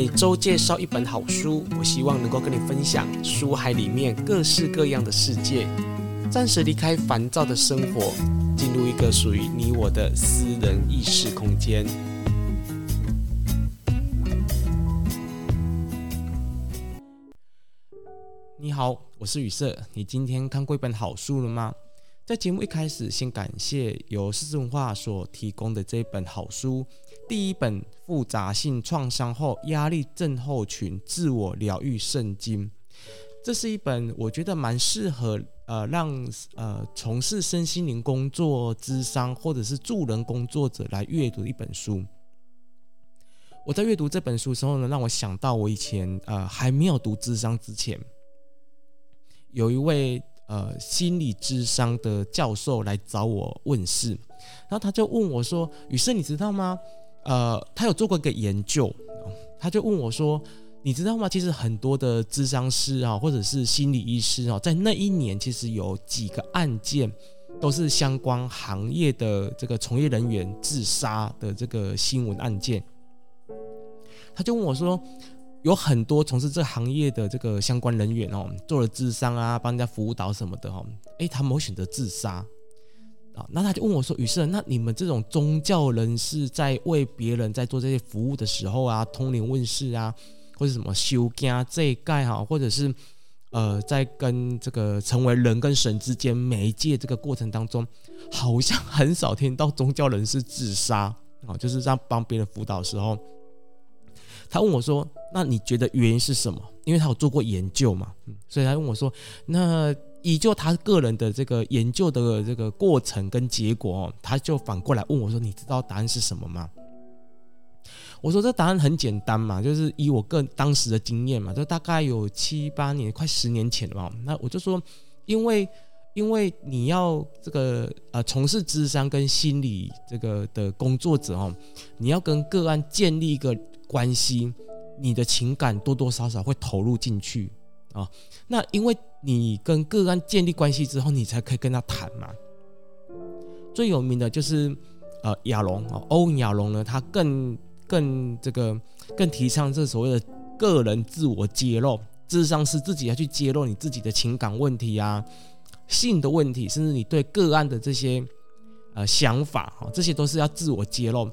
每週介紹一本好書，我希望能夠跟你分享書海裡面各式各樣的世界，暫時離開煩躁的生活，進入一個屬於你我的私人意識空間。你好，我是宇色。你今天看過一本好書了嗎？在節目一開始，先感謝由柿子文化所提供的這本好書。第一本複雜性創傷後壓力症候群自我療癒聖經，這是一本我覺得蠻適合呃讓呃從事身心靈工作、諮商或者是助人工作者來閱讀的一本書。我在閱讀這本書的時候呢，讓我想到我以前呃還沒有讀諮商之前，有一位呃心理諮商的教授來找我問事，然後他就問我說：“宇色，是你知道嗎？”呃，他有做過一個研究，他就問我說：“你知道嗎？其實很多的諮商師啊，或者是心理醫師啊，在那一年其實有幾個案件，都是相關行業的這個從業人員自殺的這個新聞案件。”他就問我說：“有很多從事這行業的這個相關人員哦、啊，做了諮商啊，幫人家輔導什麼的哦、啊，哎、欸，他們會選擇自殺。”那他就問我說：“宇色那你們這種宗教人士在為別人在做這些服務的時候啊，通靈問事啊，或者是什麼修家這一概哈，或者是呃，在跟這個成為人跟神之間媒介這個過程當中，好像很少聽到宗教人士自殺啊，就是在幫別人輔導的時候。”他問我說：“那你覺得原因是什麼？因為他有做過研究嘛，嗯，所以他問我說：那。”以就他個人的這個研究的這個過程跟結果，他就反過來問我說：“你知道答案是什麼嗎？”我說：“這答案很簡單嘛，就是以我個當時的經驗嘛，就大概有七八年，快十年前了嘛。”那我就說：“因為，因為你要這個呃從事諮商跟心理這個的工作者哦，你要跟個案建立一個關係，你的情感多多少少會投入進去。”啊、哦，那因為你跟個案建立關係之後，你才可以跟他談嘛。最有名的就是呃亞龍哦，歐亞龍呢，他更更這個更提倡這所謂的個人自我揭露，至少是自己要去揭露你自己的情感問題啊、性的問題，甚至你對個案的這些呃想法、哦、這些都是要自我揭露。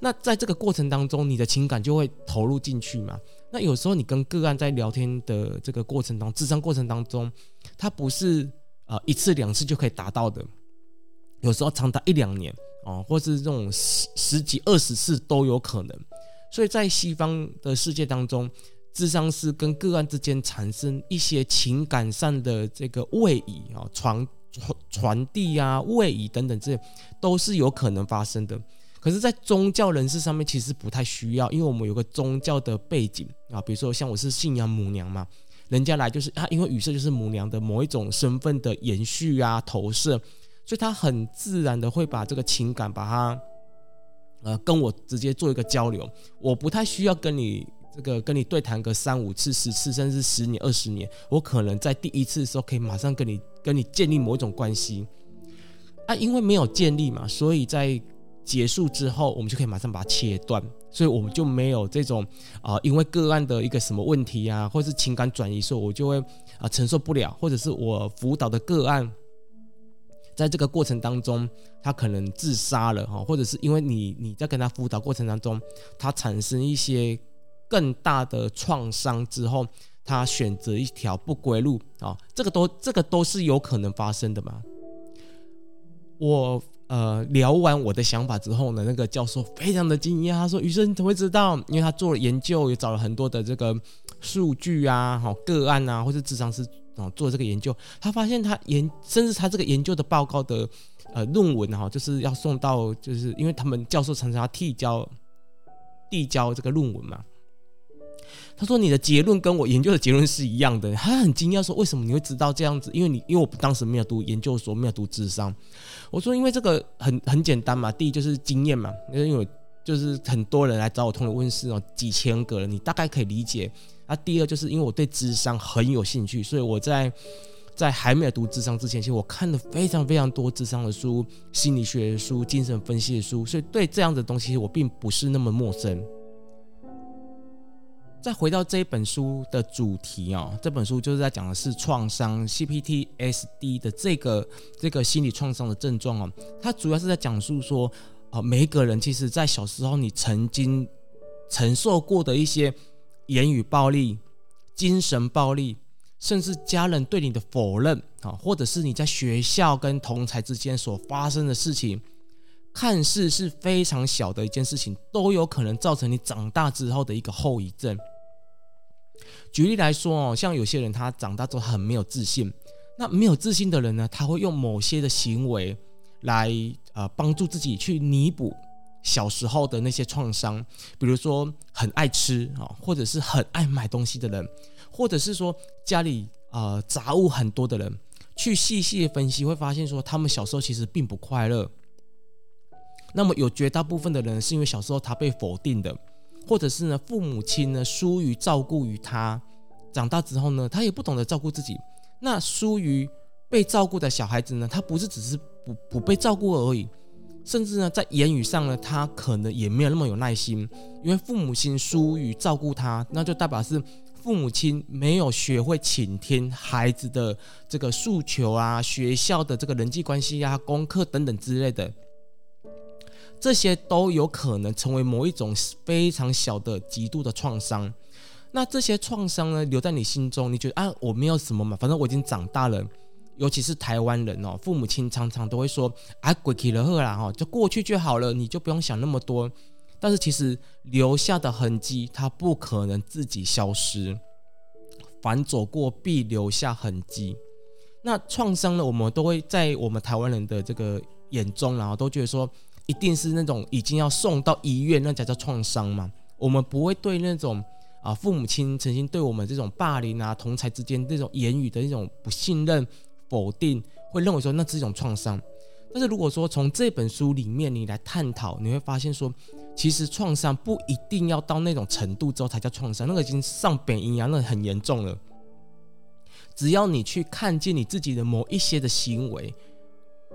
那在這個過程當中，你的情感就會投入進去嘛？那有時候你跟個案在聊天的這個過程當中，諮商過程當中，它不是啊、呃、一次兩次就可以達到的，有時候長達一兩年哦、呃，或是這種十十幾二十次都有可能。所以在西方的世界當中，諮商是跟個案之間產生一些情感上的這個位移哦，傳傳傳遞啊、位移等等這些，都是有可能發生的。可是，在宗教人士上面其實不太需要，因為我們有個宗教的背景啊，比如說像我是信仰母娘嘛，人家來就是他、啊，因為宇色就是母娘的某一種身份的延續啊投射，所以他很自然的會把這個情感把它，呃，跟我直接做一個交流。我不太需要跟你這個跟你對談個三五次、十次，甚至十年、二十年，我可能在第一次的時候可以馬上跟你跟你建立某一種關係啊，因為沒有建立嘛，所以在。結束之後，我們就可以馬上把它切斷，所以我們就沒有這種啊，因為個案的一個什麼問題啊，或者是情感轉移，所以我就會啊、呃、承受不了，或者是我輔導的個案，在這個過程當中，他可能自殺了哈、啊，或者是因為你你在跟他輔導過程當中，他產生一些更大的創傷之後，他選擇一條不歸路啊，這個都這個都是有可能發生的嘛，我。呃，聊完我的想法之後呢，那個教授非常的驚訝，他說：“宇色，你怎麼會知道？因為他做了研究，也找了很多的這個數據啊，好個案啊，或是諮商師哦、嗯、做這個研究，他發現他研，甚至他這個研究的報告的呃論文哈、啊，就是要送到，就是因為他們教授常常要遞交遞交這個論文嘛。”他說你的結論跟我研究的結論是一樣的，他很驚訝說為什麼你會知道這樣子？因為你因為我當時沒有讀研究所，沒有讀諮商。我說因為這個很很簡單嘛，第一就是經驗嘛，因為有就是很多人來找我通靈問事哦，幾千個了，你大概可以理解。啊，第二就是因為我對諮商很有興趣，所以我在在還沒有讀諮商之前，其實我看了非常非常多諮商的書、心理學的書、精神分析的書，所以對這樣的東西我並不是那麼陌生。再回到這本書的主題哦、啊，這本書就是在講的是創傷 CPTSD 的這個這個心理創傷的症狀哦、啊，它主要是在講述說，啊，每一個人其實在小時候你曾經承受過的一些言語暴力、精神暴力，甚至家人對你的否認啊，或者是你在學校跟同儕之間所發生的事情。看似是非常小的一件事情，都有可能造成你長大之後的一個後遺症。舉例來說哦，像有些人他長大之後很沒有自信，那沒有自信的人呢，他會用某些的行為來呃幫助自己去彌補小時候的那些創傷，比如說很愛吃啊，或者是很愛買東西的人，或者是說家裡啊、呃、雜物很多的人，去細細的分析會發現說，他們小時候其實並不快樂。那麼有絕大部分的人是因為小時候他被否定的，或者是呢父母親呢疏於照顧於他，長大之後呢他也不懂得照顧自己。那疏於被照顧的小孩子呢，他不是只是不不被照顧而已，甚至呢在言語上呢他可能也沒有那麼有耐心，因為父母親疏於照顧他，那就代表是父母親沒有學會傾聽孩子的這個訴求啊，學校的這個人際關係啊，功課等等之類的。這些都有可能成為某一種非常小的、極度的創傷。那這些創傷呢，留在你心中，你覺得啊，我沒有什麼嘛，反正我已經長大了。尤其是台灣人哦，父母親常常都會說：“啊，過去了赫啦、啊，就過去就好了，你就不用想那麼多。”但是其實留下的痕跡，它不可能自己消失。凡走過，必留下痕跡。那創傷呢，我們都會在我們台灣人的這個眼中，然後都覺得說。一定是那種已經要送到醫院，那才叫創傷嘛。我們不會對那種啊，父母親曾經對我們這種霸凌啊，同儕之間這種言語的那種不信任、否定，會認為說那是一種創傷。但是如果說從這本書裡面你來探討，你會發現說，其實創傷不一定要到那種程度之後才叫創傷，那個已經上本營養了，那很嚴重了。只要你去看見你自己的某一些的行為。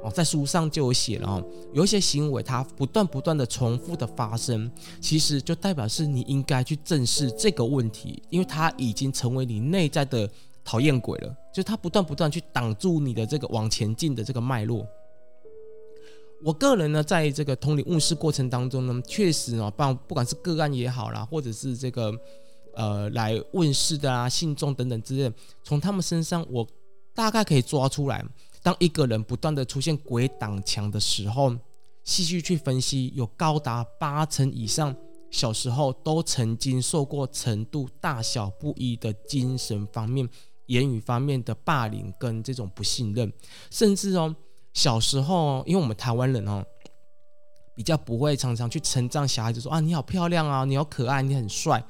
哦，在書上就有寫了哦，有一些行為，它不斷不斷的重複的發生，其實就代表是你應該去正視這個問題，因為它已經成為你內在的討厭鬼了，就它不斷不斷去擋住你的這個往前進的這個脈絡。我個人呢，在這個通靈問事過程當中呢，確實啊，幫不管是個案也好啦，或者是這個呃來問事的啊信眾等等之類，從他們身上我大概可以抓出來。當一個人不斷的出現鬼擋牆的時候，細細去分析，有高達八成以上小時候都曾經受過程度大小不一的精神方面、言語方面的霸凌跟這種不信任，甚至哦，小時候、哦、因為我們台灣人哦，比較不會常常去稱讚小孩子說，啊你好漂亮啊，你好可愛，你很帥，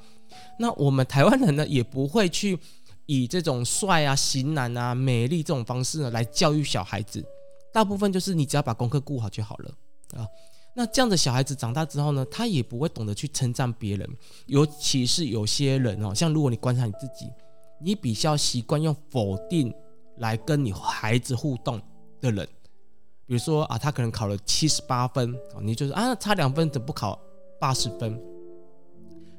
那我們台灣人呢，也不會去。以這種帥啊、型男啊、美麗這種方式呢，來教育小孩子，大部分就是你只要把功課顧好就好了啊。那這樣的小孩子長大之後呢，他也不會懂得去稱讚別人，尤其是有些人哦、啊，像如果你觀察你自己，你比較習慣用否定來跟你孩子互動的人，比如說啊，他可能考了七十八分、啊、你就是啊，差兩分怎麼不考八十分？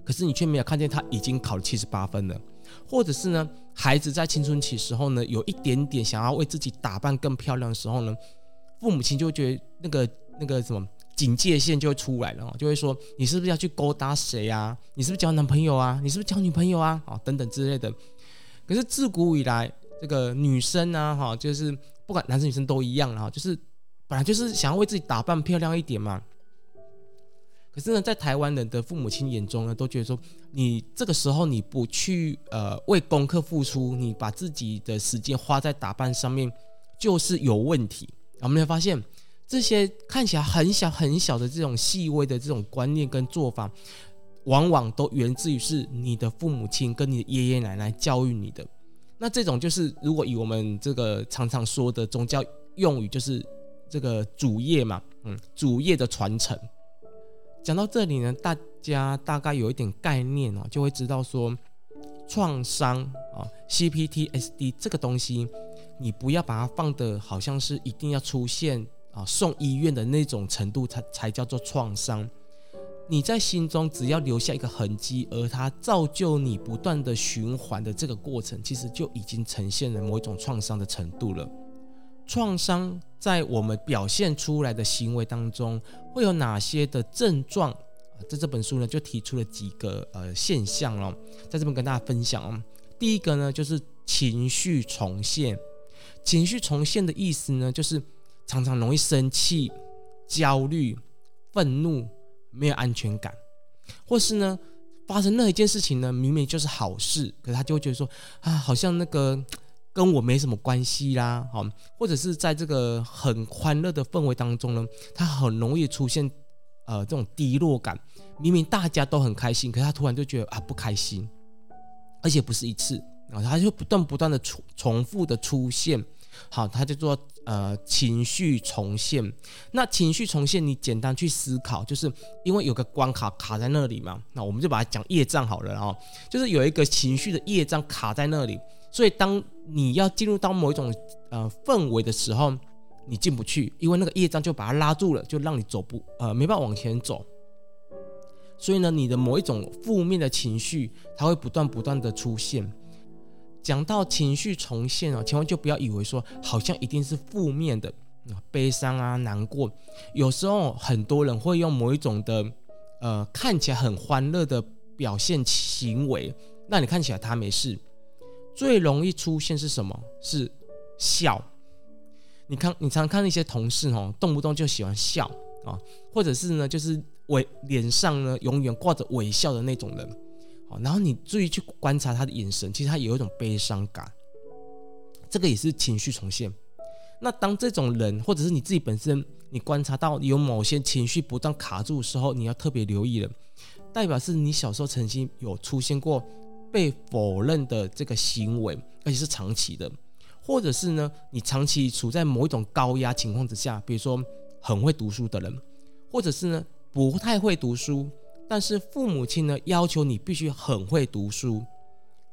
可是你卻沒有看見他已經考了七十八分了。或者是呢，孩子在青春期時候呢，有一點點想要為自己打扮更漂亮的時候呢，父母親就會覺得那個那個什麼警戒線就會出來了，就會說你是不是要去勾搭誰啊？你是不是交男朋友啊？你是不是交女朋友啊？哦、啊，等等之類的。可是自古以來，這個女生啊，哈、啊，就是不管男生女生都一樣了哈、啊，就是本來就是想要為自己打扮漂亮一點嘛。可是呢，在台灣人的父母親眼中呢，都覺得說，你這個時候你不去呃為功課付出，你把自己的時間花在打扮上面，就是有問題。我們會發現這些看起來很小很小的這種細微的這種觀念跟做法，往往都源自於是你的父母親跟你的爺爺奶奶教育你的。那這種就是如果以我們這個常常說的宗教用語，就是這個主業嘛，嗯，主業的傳承。講到這裡呢，大家大概有一點概念哦、啊，就會知道說，創傷啊，CPTSD 這個東西，你不要把它放得好像是一定要出現啊，送醫院的那種程度才，才才叫做創傷。你在心中只要留下一個痕跡，而它造就你不斷的循環的這個過程，其實就已經呈現了某一種創傷的程度了。創傷在我們表現出來的行為當中會有哪些的症狀？在這本書呢，就提出了幾個呃現象咯，在這邊跟大家分享。第一個呢，就是情緒重現。情緒重現的意思呢，就是常常容易生氣、焦慮、憤怒，沒有安全感，或是呢，發生那一件事情呢，明明就是好事，可是他就會覺得說啊，好像那個。跟我沒什麼關係啦，好，或者是在這個很歡樂的氛圍當中呢，他很容易出現呃這種低落感。明明大家都很開心，可是他突然就覺得啊，不開心，而且不是一次啊，他就不斷不斷的重複的出現。好，他叫做呃情緒重現。那情緒重現，你簡單去思考，就是因為有個關卡卡在那裡嘛。那我們就把它講業障好了啊，就是有一個情緒的業障卡在那裡。所以，當你要進入到某一種呃氛圍的時候，你進不去，因為那個業障就把它拉住了，就讓你走不呃沒辦法往前走。所以呢，你的某一種負面的情緒，它會不斷不斷的出現。講到情緒重現哦，千萬就不要以為說好像一定是負面的，呃、悲傷啊、難過，有時候很多人會用某一種的呃看起來很歡樂的表現行為，那你看起來他沒事。最容易出現是什麼？是笑。你看，你常常看那些同事、哦、動不動就喜歡笑啊、哦，或者是呢，就是臉上呢永遠掛着微笑的那種人。好、哦，然後你注意去觀察他的眼神，其實他有一種悲傷感。這個也是情緒重現。那當這種人，或者是你自己本身，你觀察到有某些情緒不斷卡住的時候，你要特別留意了，代表是你小時候曾經有出現過。被否認的這個行為，而且是長期的，或者是呢，你長期處在某一種高壓情況之下，比如說很會讀書的人，或者是呢不太會讀書，但是父母親呢要求你必須很會讀書，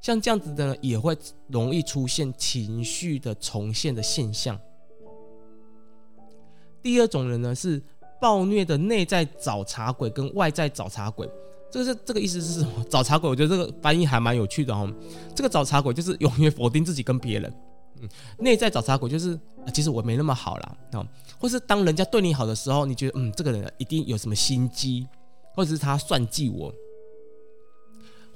像這樣子的呢也會容易出現情緒的重現的現象。第二種人呢是暴虐的內在找茬鬼跟外在找茬鬼。這個是這個意思是什麼？找碴鬼，我覺得這個翻譯還蠻有趣的哦。這個找碴鬼就是永遠否定自己跟別人，嗯，內在找碴鬼就是其實我沒那麼好了啊、嗯，或是當人家對你好的時候，你覺得嗯這個人一定有什麼心機，或者是他算計我，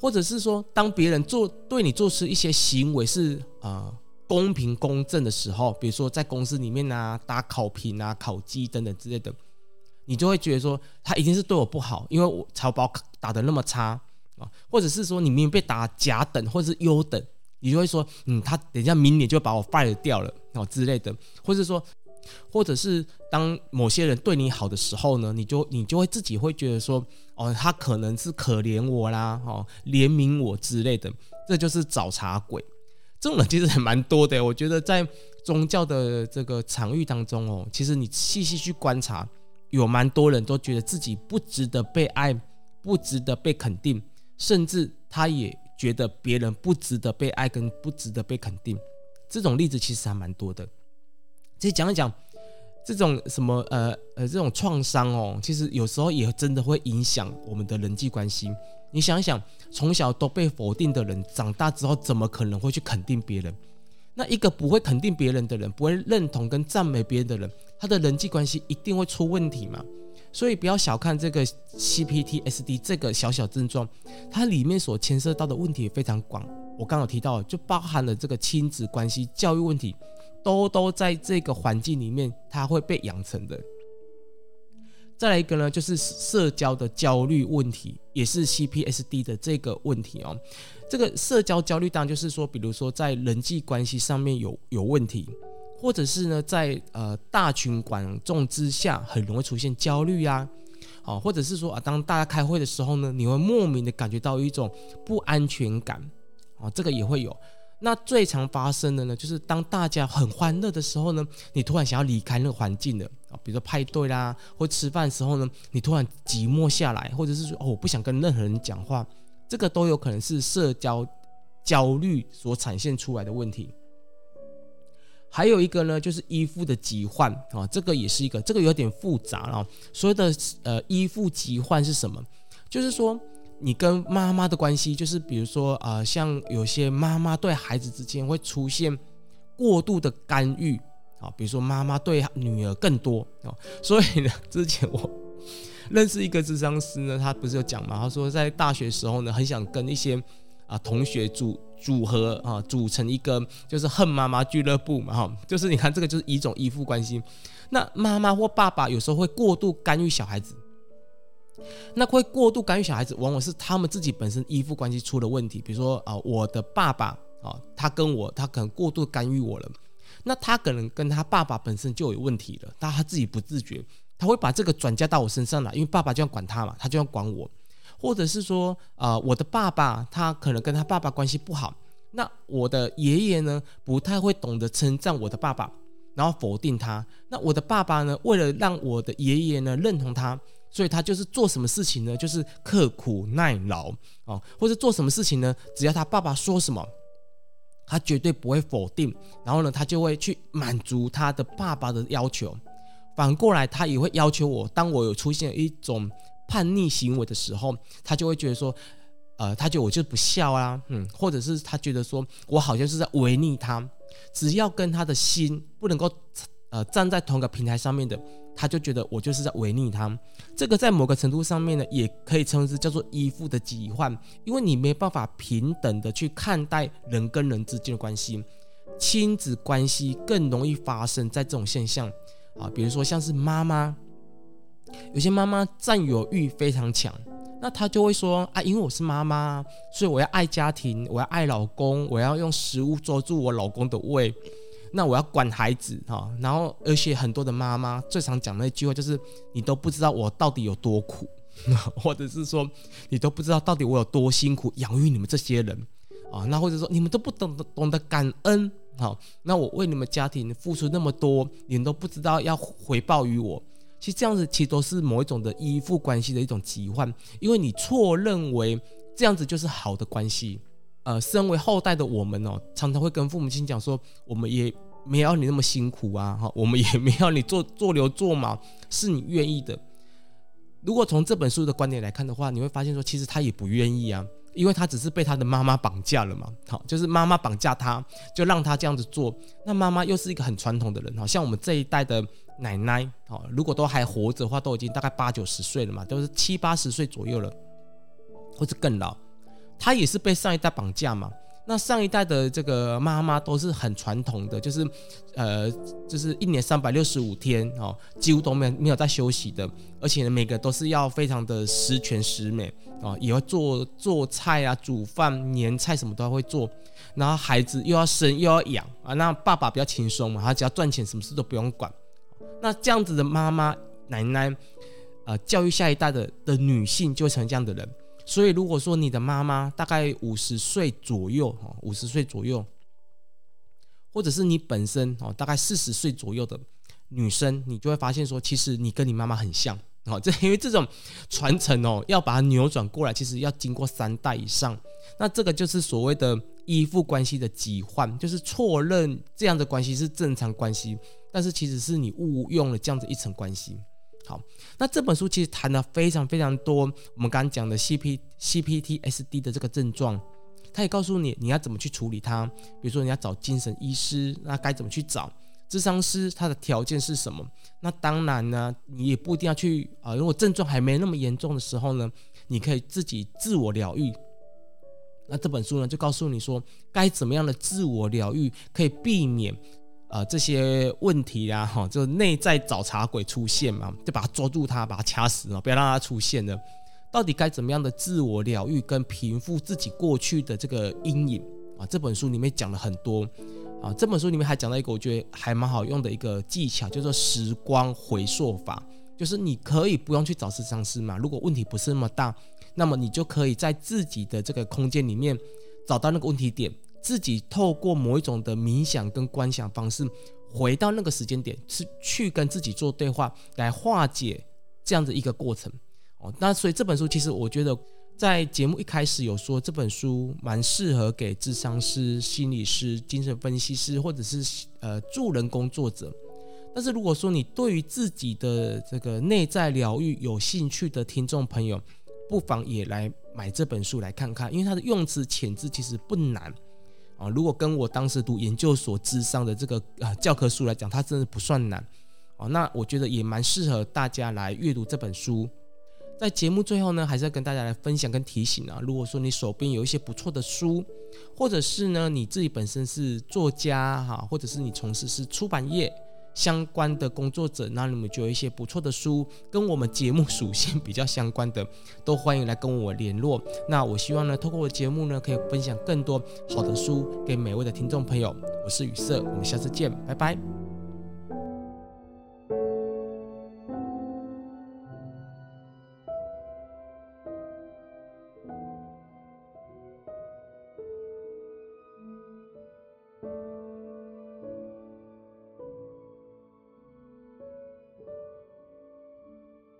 或者是說當別人做對你做出一些行為是呃公平公正的時候，比如說在公司裡面啊打考評啊考績等等之類的。你就會覺得說他一定是對我不好，因為我草包打得那麼差。啊、或者是說你明明被打甲等或者是優等，你就會說嗯，他等一下明年就把我 fire 掉了哦、啊、之類的，或者是說，或者是當某些人對你好的時候呢，你就你就會自己會覺得說哦，他可能是可憐我啦，哦、啊，憐憫我之類的，這就是找茬鬼，這種人其實還蠻多的。我覺得在宗教的這個場域當中哦，其實你細細去觀察。有蠻多人都覺得自己不值得被愛，不值得被肯定，甚至他也覺得別人不值得被愛跟不值得被肯定。這種例子其實還蠻多的。再講一講這種什麼呃呃這種創傷哦，其實有時候也真的會影響我們的人際關係。你想一想，從小都被否定的人，長大之後怎麼可能會去肯定別人？那一個不會肯定別人的人，不會認同跟讚美別人的人。他的人際關係一定會出問題嘛？所以不要小看這個 CPTSD 這個小小症狀，它裡面所牽涉到的問題也非常廣。我剛好提到，就包含了這個親子關係、教育問題，都都在這個環境裡面，它會被養成的。再來一個呢，就是社交的焦慮問題，也是 CPSD 的這個問題哦。這個社交焦慮當然就是說，比如說在人際關係上面有有問題。或者是呢，在呃大群觀眾之下，很容易出現焦慮啊，哦、啊，或者是說啊，當大家開會的時候呢，你會莫名的感覺到一種不安全感，哦、啊，這個也會有。那最常發生的呢，就是當大家很歡樂的時候呢，你突然想要離開那個環境的哦、啊，比如說派對啦，或吃飯的時候呢，你突然寂寞下來，或者是說哦，我不想跟任何人講話，這個都有可能是社交焦慮所展現出來的問題。還有一個呢，就是依附的疾患啊，這個也是一個，這個有點複雜了、啊。所謂的呃依附疾患是什麼？就是說你跟媽媽的關係，就是比如說啊、呃，像有些媽媽對孩子之間會出現過度的干預啊，比如說媽媽對女兒更多哦。所以呢，之前我認識一個諮商師呢，他不是有講嘛？他說在大學時候呢，很想跟一些啊、呃、同學住，組合啊，組成一個就是恨媽媽俱樂部嘛，哈，就是你看這個就是一種依附關係。那媽媽或爸爸有時候會過度干預小孩子，那會過度干預小孩子，往往是他們自己本身依附關係出了問題。比如說啊、呃，我的爸爸啊、呃，他跟我他可能過度干預我了，那他可能跟他爸爸本身就有問題了，但他自己不自覺，他會把這個轉嫁到我身上來，因為爸爸就要管他嘛，他就要管我。或者是說，啊、呃，我的爸爸他可能跟他爸爸關係不好，那我的爺爺呢，不太會懂得稱讚我的爸爸，然後否定他。那我的爸爸呢，為了讓我的爺爺呢認同他，所以他就是做什麼事情呢，就是刻苦耐勞啊、哦，或者做什麼事情呢，只要他爸爸說什麼，他絕對不會否定，然後呢，他就會去滿足他的爸爸的要求。反過來，他也會要求我，當我有出現一種叛逆行為的時候，他就會覺得說，呃，他覺得我就是不孝啊，嗯，或者是他覺得說我好像是在違逆他，只要跟他的心不能夠，呃，站在同個平台上面的，他就覺得我就是在違逆他。這個在某個程度上面呢，也可以稱之叫做依附的疾患，因為你沒辦法平等的去看待人跟人之間的關係，親子關係更容易發生在這種現象，啊，比如說像是媽媽。有些媽媽占有欲非常強，那她就會說：啊，因為我是媽媽，所以我要愛家庭，我要愛老公，我要用食物捉住我老公的胃，那我要管孩子哈、哦。然後，而且很多的媽媽最常講的一句話就是：你都不知道我到底有多苦，或者是說，你都不知道到底我有多辛苦養育你們這些人啊、哦。那或者說你們都不懂得懂得感恩，哈、哦。那我為你們家庭付出那麼多，你們都不知道要回報於我。其實這樣子其實都是某一種的依附關係的一種疾患，因為你錯認為這樣子就是好的關係。呃，身為後代的我們哦，常常會跟父母親講說，我們也沒要你那麼辛苦啊，哈，我們也沒要你做做牛做馬，是你願意的。如果從這本書的觀點來看的話，你會發現說，其實他也不願意啊，因為他只是被他的媽媽綁架了嘛，好，就是媽媽綁架他，就讓他這樣子做。那媽媽又是一個很傳統的人，哈，像我們這一代的。奶奶，哦，如果都還活着的話，都已經大概八九十歲了嘛，都是七八十歲左右了，或者更老。她也是被上一代綁架嘛。那上一代的這個媽媽都是很傳統的，就是，呃，就是一年三百六十五天哦，幾乎都沒有沒有在休息的，而且呢，每個都是要非常的十全十美哦，也要做做菜啊，煮飯、年菜什麼都會做。然後孩子又要生又要養啊，那爸爸比較輕鬆嘛，他只要賺錢，什麼事都不用管。那這樣子的媽媽、奶奶、呃，教育下一代的的女性就會成這樣的人。所以，如果說你的媽媽大概五十歲左右，哦，五十歲左右，或者是你本身哦，大概四十歲左右的女生，你就會發現說，其實你跟你媽媽很像，哦，這因為這種傳承哦，要把它扭轉過來，其實要經過三代以上。那這個就是所謂的依附關係的疾患，就是錯認這樣的關係是正常關係。但是其實是你誤用了這樣子一層關係。好，那這本書其實談了非常非常多，我們剛剛講的 CP、CPTSD 的這個症狀，他也告訴你你要怎麼去處理它。比如說你要找精神醫師，那該怎麼去找？諮商師他的條件是什麼？那當然呢，你也不一定要去啊、呃。如果症狀還沒那麼嚴重的時候呢，你可以自己自我療癒。那這本書呢，就告訴你說該怎麼樣的自我療癒可以避免。啊、呃，這些問題啊，哈、哦，就是內在找茬鬼出現嘛，就把它抓住它，把它掐死哦，不要讓它出現了。到底該怎麼樣的自我療癒跟平復自己過去的這個陰影啊？這本書裡面講了很多啊，這本書裡面還講到一個我覺得還蠻好用的一個技巧，叫做時光回溯法，就是你可以不用去找治療師嘛，如果問題不是那麼大，那麼你就可以在自己的這個空間裡面找到那個問題點。自己透過某一種的冥想跟觀想方式，回到那個時間點，是去跟自己做對話，來化解這樣的一個過程。哦，那所以這本書其實我覺得，在節目一開始有說這本書蠻適合給諮商師、心理師、精神分析師或者是呃助人工作者。但是如果說你對於自己的這個內在療癒有興趣的聽眾朋友，不妨也來買這本書來看看，因為它的用詞遣字其實不難。啊，如果跟我當時讀研究所時上的這個啊教科書來講，它真的不算難哦。那我覺得也蠻適合大家來閱讀這本書。在節目最後呢，還是要跟大家來分享跟提醒啊，如果說你手邊有一些不錯的書，或者是呢你自己本身是作家哈，或者是你從事是出版業。相關的工作者，那你們就有一些不錯的書，跟我們節目屬性比較相關的，都歡迎來跟我聯絡。那我希望呢，透過我的節目呢，可以分享更多好的書給每位的聽眾朋友。我是宇色，我們下次見，拜拜。